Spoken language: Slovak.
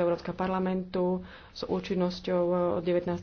do Európskeho parlamentu s účinnosťou eh, od 19.